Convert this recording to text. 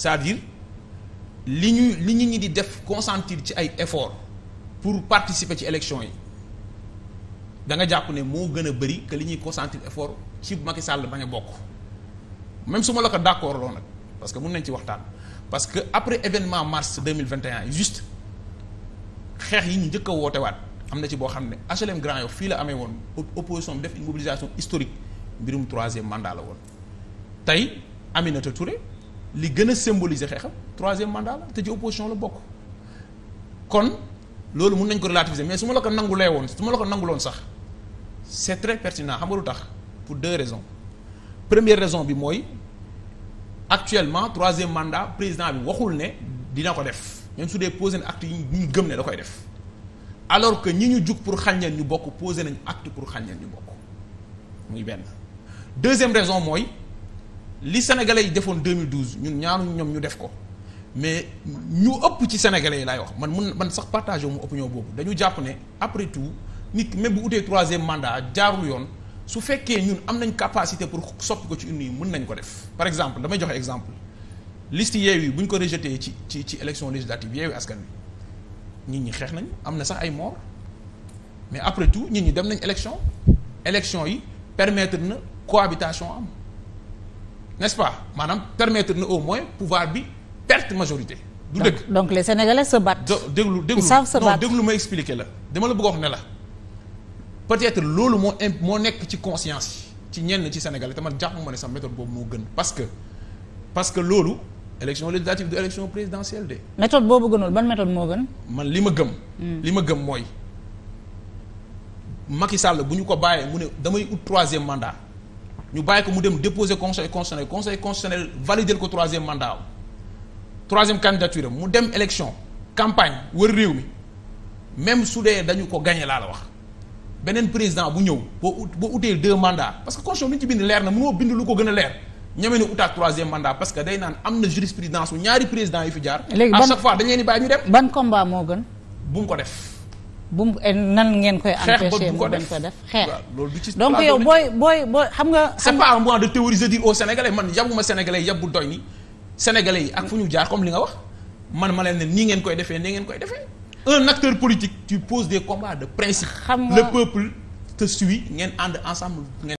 c'est-à-dire li ñu li ñu ñi di def consentir ci ay effort pour participer ci élection yi danga jàpp ne moo gën a bëri que li ñuy consentir effort ci Macky Sall bañ a bokk même su ma la ko d'accord loo nag parce que mun nañ ci waxtaan parce que après événement mars 2021 juste xeex yi ñu njëkk a waat am na ci boo xam ne HLM Grand Yoff fii la amee woon opposition bi def une mobilisation historique mbirum troisième mandat la woon tey Aminata Touré li gën a symboliser xeexam troisième mandat te ci opposition la bokk kon loolu mun nañ ko relativiser mais su ma la ko nangulee woon su ma la ko nanguloon sax c'est très pertinant xam nga tax pour deux raisons première raison bi mooy actuellement troisième mandat président bi waxul ne dina ko def même su dee posé na acte yi ñu gëm ne da koy def alors que ñi ñu jug pour xàññeen ñu bokk posé nañ acte pour xàññeen ñu bokk muy benn deuxième raison mooy li sénégalais yi defoon 2012 ñun ñaanuñ ñoom ñu def ko mais ñu ëpp ci sénégalais yi laay wax man mun man sax partagé wu mu opinion boobu dañu jàpp ne après tout nit même bu utee troisième mandat jaarul yoon su fekkee ñun am nañ capacité pour soppi ko ci une yi mën nañ ko def par exemple damay joxe exemple list yeew yi bu ñu ko rejeté ci ci ci élection législative yeew yi askan wi nit ñi xeex nañ am na sax ay mort mais après tout nit ñi dem nañ élection élection yi permettre na cohabitation am n'est-ce pas maanaam permettre na au moins pouvoir bi perte majorité. du dëgg donc les sa se battent. déglu déglu non déglu ma expliquer la dama la bëgg wax ne la peut-être loolu moo imp moo nekk ci conscience yi ci ñenn ci sénégalais te man jàpp ma ne sax méthode boobu moo gën parce que parce que loolu. élection législative de élection présidentielle de. méthode boobu gënul ban méthode moo gën. man li ma gëm. Hmm. li ma gëm mooy Macky Sall bu ñu ko bàyyee mu ne damay ut troisième mandat. ñu bàyyi ko mu dem déposer conseil constitutionnel conseil constitutionnel valider ko troisième mandat am troisième candidature am mu dem élection campagne war réew mi même su dee dañu ko gagné laa la wax beneen président bu ñëw boo ut boo utee deux mandats parce que constitution bi ñu ci bind leer na mënoo bind lu ko gën a leer ñeme ni utaat troisième mandat parce que day naan am na jurisprudence su ñaari président yu fi jaar. léegi à chaque fois dañu leen di bàyyi ñu dem. ban combat moo gën. bu mu ko def. bu mu eh, nan ngeen koy. empêcher mu ko def xeex donc yow booy booy booy xam nga. c'est pas moi de théoriser dire aux Sénégalais man yabuma Sénégalais yab bu doy ni Sénégalais yi ak fu ñu jaar comme li nga wax man ma leen nii ngeen koy defee nii ngeen koy defee. un acteur politique tu poses des combats de principe. le peuple te suit ngeen ànd ensemble ngeen.